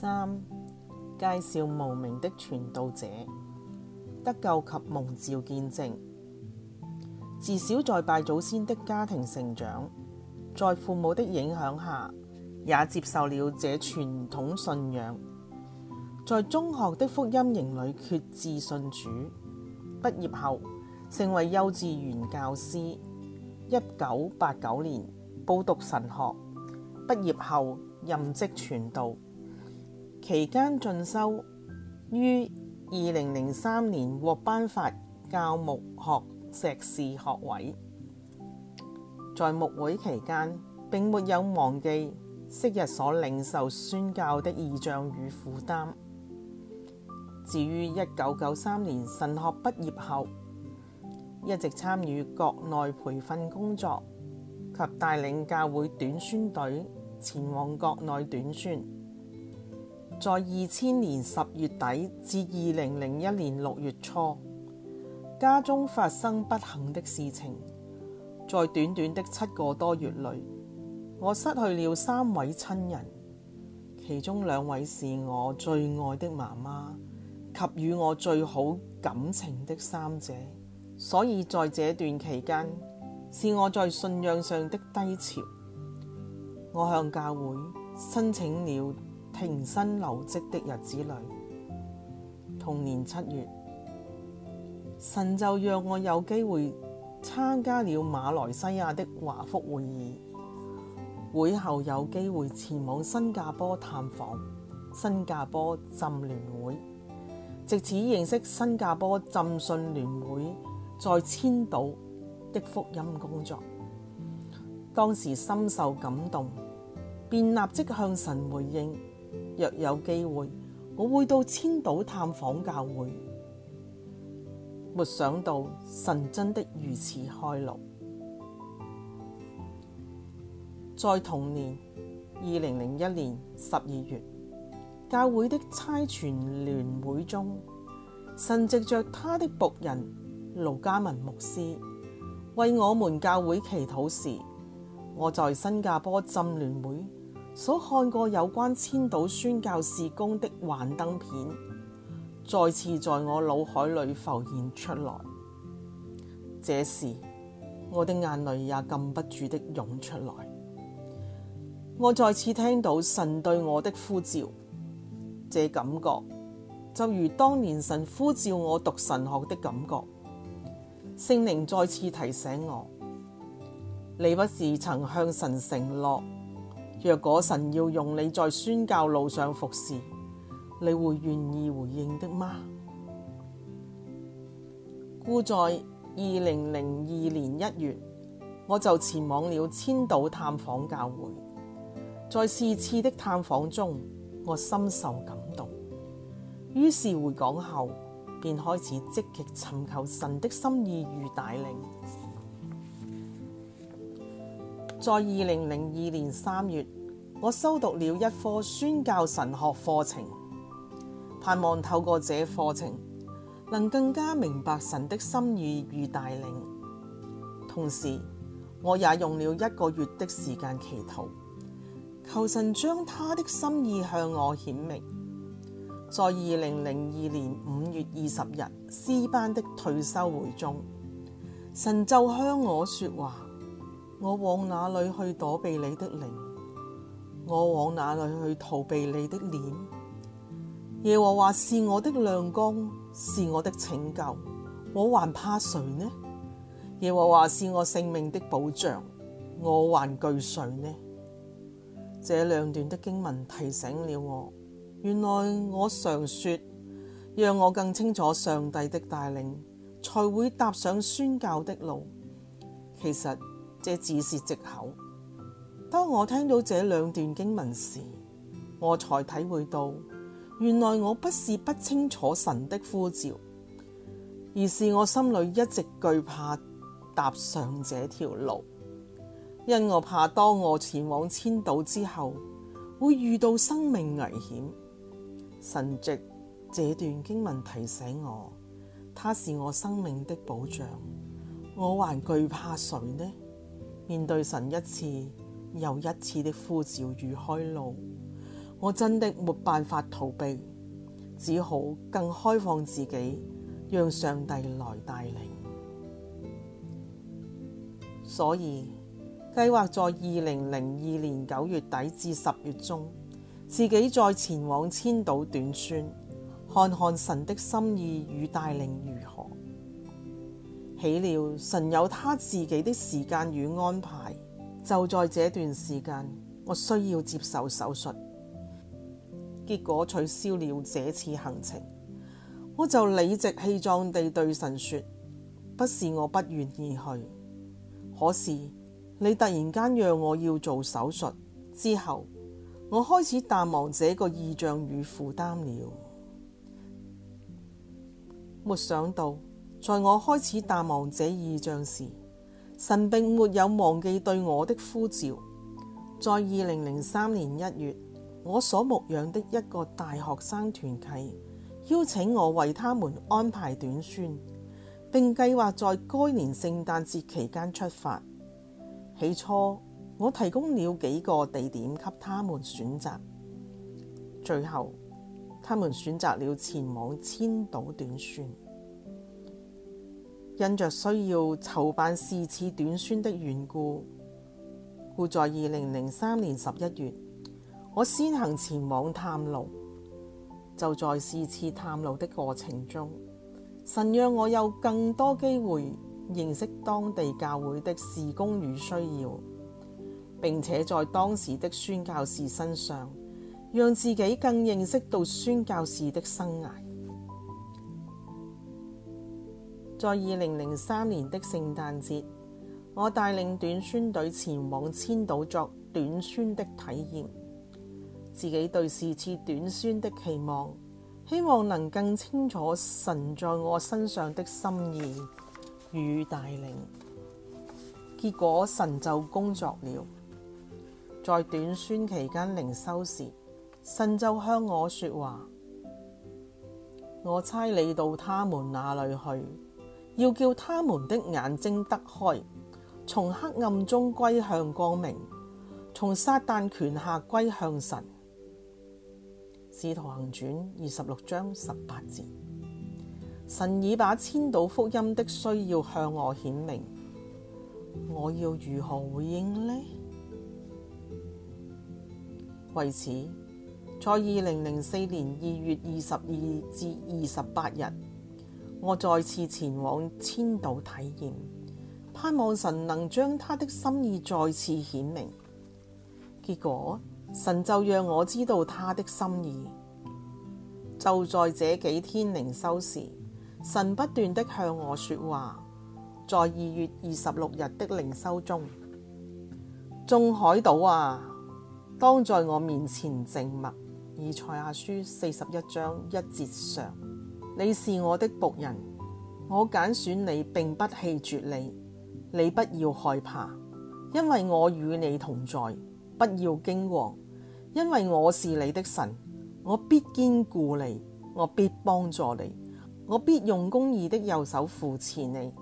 三介紹無名的傳道者得救及蒙召見證，自小在拜祖先的家庭成長，在父母的影響下也接受了這傳統信仰。在中學的福音營裏決志信主，畢業後成為幼稚園教師。一九八九年報讀神學，畢業後任職傳道。期間進修於二零零三年獲頒發教牧學碩士學位。在牧會期間，並沒有忘記昔日所領受宣教的異象與負擔。至於一九九三年神學畢業後，一直參與國內培訓工作及帶領教會短宣隊前往國內短宣。在二千年十月底至二零零一年六月初，家中發生不幸的事情。在短短的七個多月裏，我失去了三位親人，其中兩位是我最愛的媽媽及與我最好感情的三姐。所以在這段期間，是我在信仰上的低潮。我向教會申請了。平身留職的日子裏，同年七月，神就讓我有機會參加了馬來西亞的華福會議，會後有機會前往新加坡探訪新加坡浸聯會，藉此認識新加坡浸信聯會在千島的福音工作。當時深受感動，便立即向神回應。若有機會，我會到千島探訪教會。沒想到神真的如此開路。在同年二零零一年十二月，教會的差傳聯會中，神藉着他的僕人盧嘉文牧師為我們教會祈禱時，我在新加坡浸聯會。所看過有關千島宣教事工的幻燈片，再次在我腦海裏浮現出來。這時，我的眼淚也禁不住的湧出來。我再次聽到神對我的呼召，這感覺就如當年神呼召我讀神學的感覺。聖靈再次提醒我：你不是曾向神承諾？若果神要用你在宣教路上服侍，你會願意回應的嗎？故在二零零二年一月，我就前往了千島探訪教會。在四次的探訪中，我深受感動，於是回港後便開始積極尋求神的心意與帶領。在二零零二年三月，我修讀了一科宣教神學課程，盼望透過這課程能更加明白神的心意與帶領。同時，我也用了一個月的時間祈禱，求神將他的心意向我顯明。在二零零二年五月二十日，詩班的退休會中，神就向我說話。我往哪裏去躲避你的靈？我往哪裏去逃避你的臉？耶和華是我的亮光，是我的拯救，我還怕誰呢？耶和華是我性命的保障，我還懼誰呢？這兩段的經文提醒了我，原來我常說，讓我更清楚上帝的帶領，才會踏上宣教的路。其實，這只是藉口。當我聽到這兩段經文時，我才體會到，原來我不是不清楚神的呼召，而是我心裏一直懼怕踏上這條路，因我怕當我前往千島之後會遇到生命危險。神藉這段經文提醒我，他是我生命的保障，我還懼怕誰呢？面對神一次又一次的呼召與開路，我真的沒辦法逃避，只好更開放自己，讓上帝來帶領。所以，計劃在二零零二年九月底至十月中，自己再前往千島短宣，看看神的心意與帶領。豈料神有他自己的時間與安排，就在這段時間，我需要接受手術，結果取消了這次行程。我就理直氣壯地對神說：不是我不願意去，可是你突然間讓我要做手術之後，我開始淡忘這個異象與負擔了。沒想到。在我開始淡忘這意象時，神並沒有忘記對我的呼召。在二零零三年一月，我所牧養的一個大學生團契邀請我為他們安排短宣，並計劃在該年聖誕節期間出發。起初，我提供了幾個地點給他們選擇。最後，他們選擇了前往千島短宣。因着需要籌辦是次短宣的緣故，故在二零零三年十一月，我先行前往探路。就在是次探路的過程中，神讓我有更多機會認識當地教會的事工與需要，並且在當時的宣教士身上，讓自己更認識到宣教士的生涯。在二零零三年的聖誕節，我帶領短宣隊前往千島作短宣的體驗，自己對是次短宣的期望，希望能更清楚神在我身上的心意與帶領。結果神就工作了。在短宣期間靈修時，神就向我說話：我差你到他們那裏去。要叫他們的眼睛得開，從黑暗中歸向光明，從撒旦權下歸向神。使徒行傳二十六章十八節。神已把千島福音的需要向我顯明，我要如何回應呢？為此，在二零零四年二月二十二至二十八日。我再次前往千島體驗，盼望神能將他的心意再次顯明。結果神就讓我知道他的心意。就在這幾天靈修時，神不斷的向我說話。在二月二十六日的靈修中，眾海島啊，當在我面前靜默，以賽亞書四十一章一節上。你是我的僕人，我揀選你，並不棄絕你。你不要害怕，因為我與你同在。不要驚惶，因為我是你的神，我必堅固你，我必幫助你，我必用公義的右手扶持你。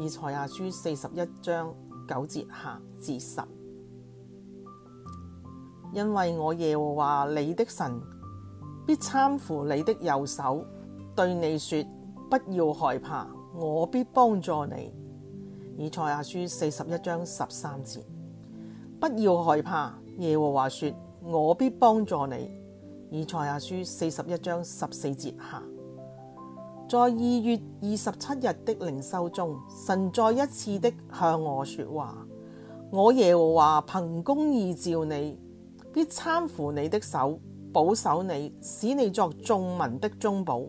以賽亞書四十一章九節下至十，因為我耶和華你的神必攙扶你的右手。對你說，不要害怕，我必幫助你。以賽亞書四十一章十三節。不要害怕，耶和華說，我必幫助你。以賽亞書四十一章十四節下。在二月二十七日的靈修中，神再一次的向我說話：我耶和華憑公義召你，必攙扶你的手，保守你，使你作眾民的中保。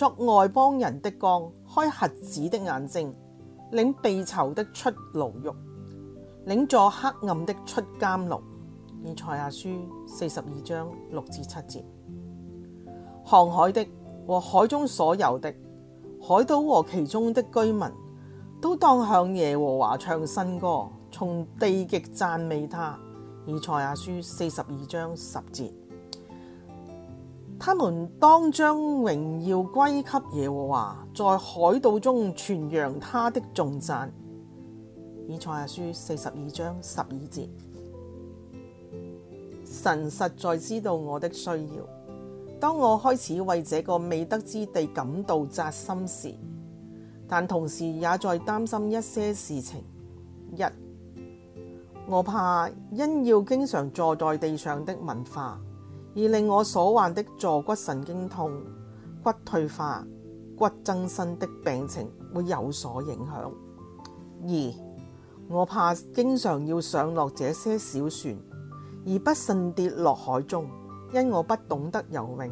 作外邦人的光，開瞎子的眼睛，領被囚的出牢獄，領坐黑暗的出監牢。以賽亞書四十二章六至七節。航海的和海中所有的，海島和其中的居民，都當向耶和華唱新歌，從地極讚美他。以賽亞書四十二章十節。他們當將榮耀歸給耶和華，在海島中傳揚他的頌讚。以賽亞書四十二章十二節。神實在知道我的需要，當我開始為這個未得之地感到紮心時，但同時也在擔心一些事情。一，我怕因要經常坐在地上的文化。而令我所患的坐骨神經痛、骨退化、骨增生的病情會有所影響。二，我怕經常要上落這些小船，而不慎跌落海中，因我不懂得游泳。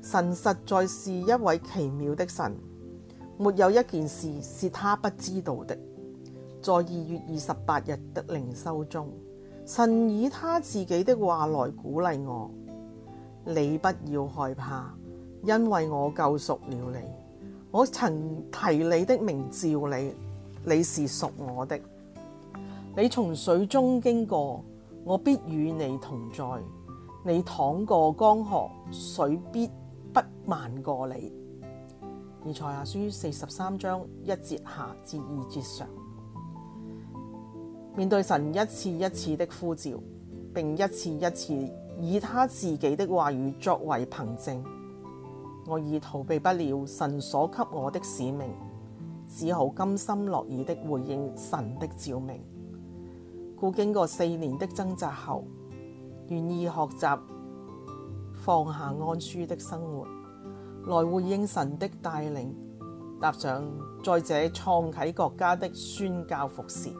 神實在是一位奇妙的神，沒有一件事是他不知道的。在二月二十八日的靈修中，神以他自己的話來鼓勵我。你不要害怕，因為我救贖了你。我曾提你的名召你，你是屬我的。你從水中經過，我必與你同在。你趟過江河，水必不漫過你。而《以賽亞書》四十三章一節下至二節上，面對神一次一次的呼召，並一次一次。以他自己的話語作為憑證，我已逃避不了神所給我的使命，只好甘心樂意的回應神的召命。故經過四年的掙扎後，願意學習放下安舒的生活，來回應神的帶領，踏上在這創啟國家的宣教服侍。